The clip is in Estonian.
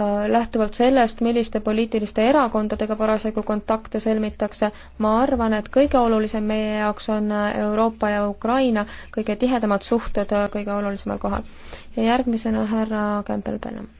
Äh, lähtuvalt sellest, milliste poliitiliste erakondadega parasjagu kontakte sõlmitakse, ma arvan, et kõige olulisem meie jaoks on äh, Euroopa ja Ukraina kõige tihedamad suhted äh, kõige olulisemal kohal. ja järgmisena härra Campbell-Benham